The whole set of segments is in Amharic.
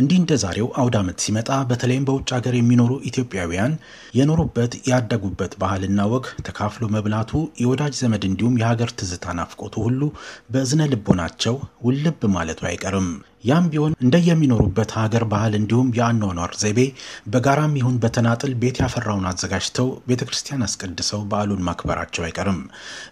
እንዲህ እንደ ዛሬው አውድ ሲመጣ በተለይም በውጭ ሀገር የሚኖሩ ኢትዮጵያውያን የኖሩበት ያደጉበት ባህልና ወግ ተካፍሎ መብላቱ የወዳጅ ዘመድ እንዲሁም የሀገር ትዝታ ናፍቆቱ ሁሉ በዝነ ልቦናቸው ውልብ ማለቱ አይቀርም። ያም ቢሆን እንደየሚኖሩበት ሀገር ባህል እንዲሁም የአኗኗር ዘይቤ በጋራም ይሁን በተናጥል ቤት ያፈራውን አዘጋጅተው ቤተ ክርስቲያን አስቀድሰው በዓሉን ማክበራቸው አይቀርም።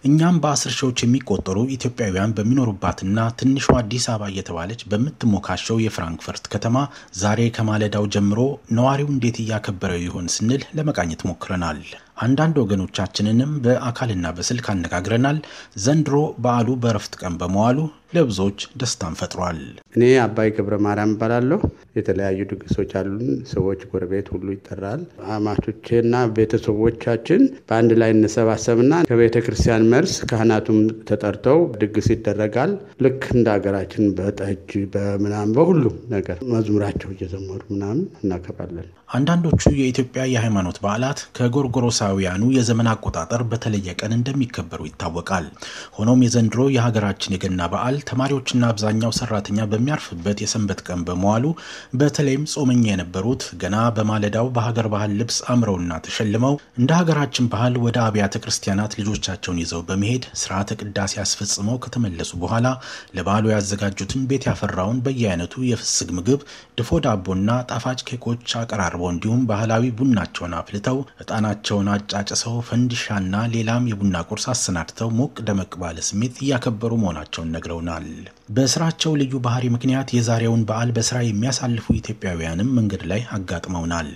እኛም በአስር ሺዎች የሚቆጠሩ ኢትዮጵያውያን በሚኖሩባትና ትንሿ አዲስ አበባ እየተባለች በምትሞካሸው የፍራንክፈርት ከተማ ዛሬ ከማለዳው ጀምሮ ነዋሪው እንዴት እያከበረው ይሆን ስንል ለመቃኘት ሞክረናል። አንዳንድ ወገኖቻችንንም በአካልና በስልክ አነጋግረናል። ዘንድሮ በዓሉ በረፍት ቀን በመዋሉ ለብዙዎች ደስታን ፈጥሯል። እኔ አባይ ገብረ ማርያም እባላለሁ። የተለያዩ ድግሶች አሉን። ሰዎች፣ ጎረቤት ሁሉ ይጠራል። አማቾቼና ቤተሰቦቻችን በአንድ ላይ እንሰባሰብና ከቤተ ክርስቲያን መልስ ካህናቱም ተጠርተው ድግስ ይደረጋል። ልክ እንደ ሀገራችን በጠጅ በምናም በሁሉም ነገር መዝሙራቸው እየዘመሩ ምናምን እናከባለን። አንዳንዶቹ የኢትዮጵያ የሃይማኖት በዓላት ከጎርጎሮሳ በፈረንሳውያኑ የዘመን አቆጣጠር በተለየ ቀን እንደሚከበሩ ይታወቃል። ሆኖም የዘንድሮ የሀገራችን የገና በዓል ተማሪዎችና አብዛኛው ሰራተኛ በሚያርፍበት የሰንበት ቀን በመዋሉ በተለይም ጾመኛ የነበሩት ገና በማለዳው በሀገር ባህል ልብስ አምረውና ተሸልመው እንደ ሀገራችን ባህል ወደ አብያተ ክርስቲያናት ልጆቻቸውን ይዘው በመሄድ ስርዓተ ቅዳሴ አስፈጽመው ከተመለሱ በኋላ ለበዓሉ ያዘጋጁትን ቤት ያፈራውን በየአይነቱ የፍስግ ምግብ፣ ድፎ ዳቦና ጣፋጭ ኬኮች አቀራርበው እንዲሁም ባህላዊ ቡናቸውን አፍልተው እጣናቸውን ። አጫጭሰው ፈንዲሻና ሌላም የቡና ቁርስ አሰናድተው ሞቅ ደመቅ ባለ ስሜት እያከበሩ መሆናቸውን ነግረውናል። በስራቸው ልዩ ባህሪ ምክንያት የዛሬውን በዓል በስራ የሚያሳልፉ ኢትዮጵያውያንም መንገድ ላይ አጋጥመውናል።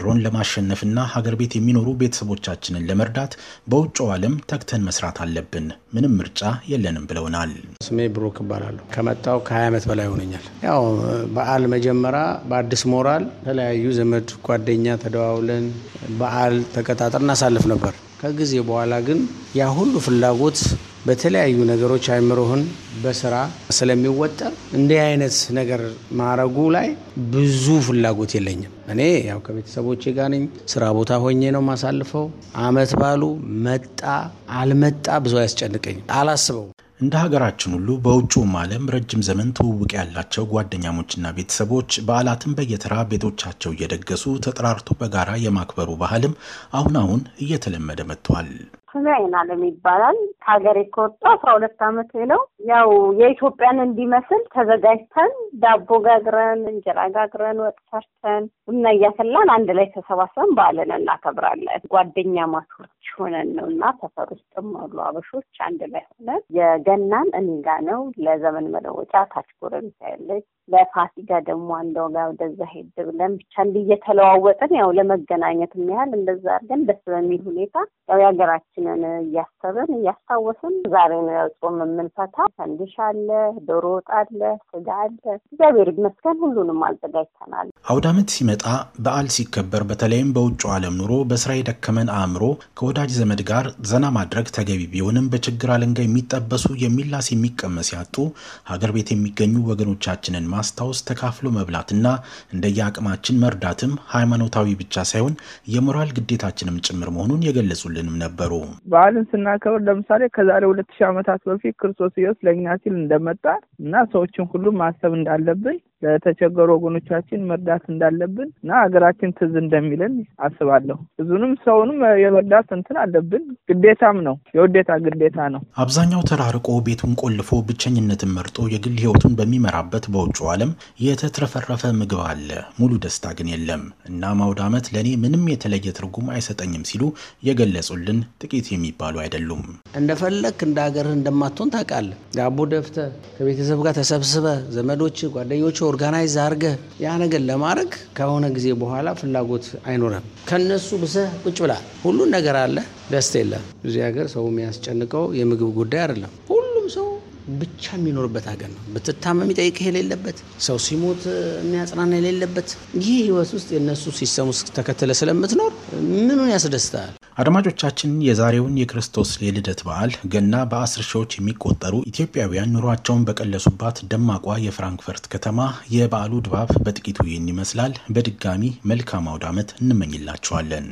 ድሮን ለማሸነፍና ሀገር ቤት የሚኖሩ ቤተሰቦቻችንን ለመርዳት በውጭው ዓለም ተግተን መስራት አለብን፣ ምንም ምርጫ የለንም ብለውናል። ስሜ ብሩክ እባላለሁ። ከመጣው ከ20 ዓመት በላይ ሆነኛል። ያው በዓል መጀመሪያ በአዲስ ሞራል የተለያዩ ዘመድ ጓደኛ ተደዋውለን በዓል ተቀጣጥለን እናሳልፍ ነበር። ከጊዜ በኋላ ግን ያ ሁሉ ፍላጎት በተለያዩ ነገሮች አይምሮህን በስራ ስለሚወጠር እንዲህ አይነት ነገር ማረጉ ላይ ብዙ ፍላጎት የለኝም። እኔ ያው ከቤተሰቦቼ ጋር ነኝ። ስራ ቦታ ሆኜ ነው ማሳልፈው። አመት ባሉ መጣ አልመጣ ብዙ አያስጨንቀኝም፣ አላስበው እንደ ሀገራችን ሁሉ በውጭውም ዓለም ረጅም ዘመን ትውውቅ ያላቸው ጓደኛሞችና ቤተሰቦች በዓላትን በየተራ ቤቶቻቸው እየደገሱ ተጠራርቶ በጋራ የማክበሩ ባህልም አሁን አሁን እየተለመደ መጥቷል። ስሜ አይናለም ይባላል። ከሀገሬ ከወጣ አስራ ሁለት አመቴ ነው። ያው የኢትዮጵያን እንዲመስል ተዘጋጅተን ዳቦ ጋግረን፣ እንጀራ ጋግረን፣ ወጥ ሰርተን፣ ቡና እያፈላን አንድ ላይ ተሰባስበን በዓልን እናከብራለን። ጓደኛ ማቾች ሆነን ነው እና ሰፈር ውስጥም አሉ አበሾች አንድ ላይ ሆነን የገናን እኔ ነው። ለዘመን መለወጫ ታች ጎረቤት ያለች፣ ለፋሲካ ደግሞ አንደው ጋር ወደዛ ሄድ ብለን ብቻ እንዲህ እየተለዋወጥን ያው ለመገናኘት ያህል እንደዛ አድርገን ደስ በሚል ሁኔታ ያው የሀገራችን ባህላችንን እያሰብን እያስታወስን ዛሬ ነው ያው የምንፈታ። ፈንዲሻ አለ፣ ዶሮ ወጥ አለ፣ ስጋ አለ። እግዚአብሔር ይመስገን ሁሉንም አዘጋጅተናል። አውደ ዓመት ሲመጣ በዓል ሲከበር፣ በተለይም በውጭ ዓለም ኑሮ በስራ የደከመን አእምሮ ከወዳጅ ዘመድ ጋር ዘና ማድረግ ተገቢ ቢሆንም በችግር አለንጋ የሚጠበሱ የሚላስ የሚቀመስ ያጡ ሀገር ቤት የሚገኙ ወገኖቻችንን ማስታወስ ተካፍሎ መብላትና እንደየአቅማችን መርዳትም ሃይማኖታዊ ብቻ ሳይሆን የሞራል ግዴታችንም ጭምር መሆኑን የገለጹልንም ነበሩ። በዓልን ስናከብር ለምሳሌ ከዛሬ ሁለት ሺህ ዓመታት በፊት ክርስቶስ ኢየሱስ ለእኛ ሲል እንደመጣ እና ሰዎችን ሁሉ ማሰብ እንዳለብን ለተቸገሩ ወገኖቻችን መርዳት እንዳለብን እና ሀገራችን ትዝ እንደሚለን አስባለሁ። ብዙንም ሰውንም የመርዳት እንትን አለብን፣ ግዴታም ነው፣ የውዴታ ግዴታ ነው። አብዛኛው ተራርቆ ቤቱን ቆልፎ ብቸኝነትን መርጦ የግል ህይወቱን በሚመራበት በውጩ ዓለም የተትረፈረፈ ምግብ አለ፣ ሙሉ ደስታ ግን የለም እና ማውደ ዓመት ለእኔ ምንም የተለየ ትርጉም አይሰጠኝም ሲሉ የገለጹልን ጥቂት የሚባሉ አይደሉም። እንደፈለክ እንደ ሀገርህ እንደማትሆን ታውቃለህ። ዳቦ ደፍተህ ከቤተሰብ ጋር ተሰብስበህ ዘመዶች ጓደኞች ኦርጋናይዝ አድርገህ ያ ነገር ለማድረግ ከሆነ ጊዜ በኋላ ፍላጎት አይኖርም። ከነሱ ብሰህ ቁጭ ብላ ሁሉን ነገር አለ፣ ደስታ የለም። እዚህ ሀገር ሰው የሚያስጨንቀው የምግብ ጉዳይ አይደለም። ሁሉም ሰው ብቻ የሚኖርበት ሀገር ነው። ብትታመም የሚጠይቅህ የሌለበት፣ ሰው ሲሞት የሚያጽናና የሌለበት ይህ ህይወት ውስጥ የእነሱ ሲስተም ውስጥ ተከተለ ስለምትኖር ምኑን ያስደስታል? አድማጮቻችን የዛሬውን የክርስቶስ የልደት በዓል ገና በአስር ሺዎች የሚቆጠሩ ኢትዮጵያውያን ኑሯቸውን በቀለሱባት ደማቋ የፍራንክፈርት ከተማ የበዓሉ ድባብ በጥቂቱ ይህን ይመስላል። በድጋሚ መልካም አውድ ዓመት እንመኝላችኋለን።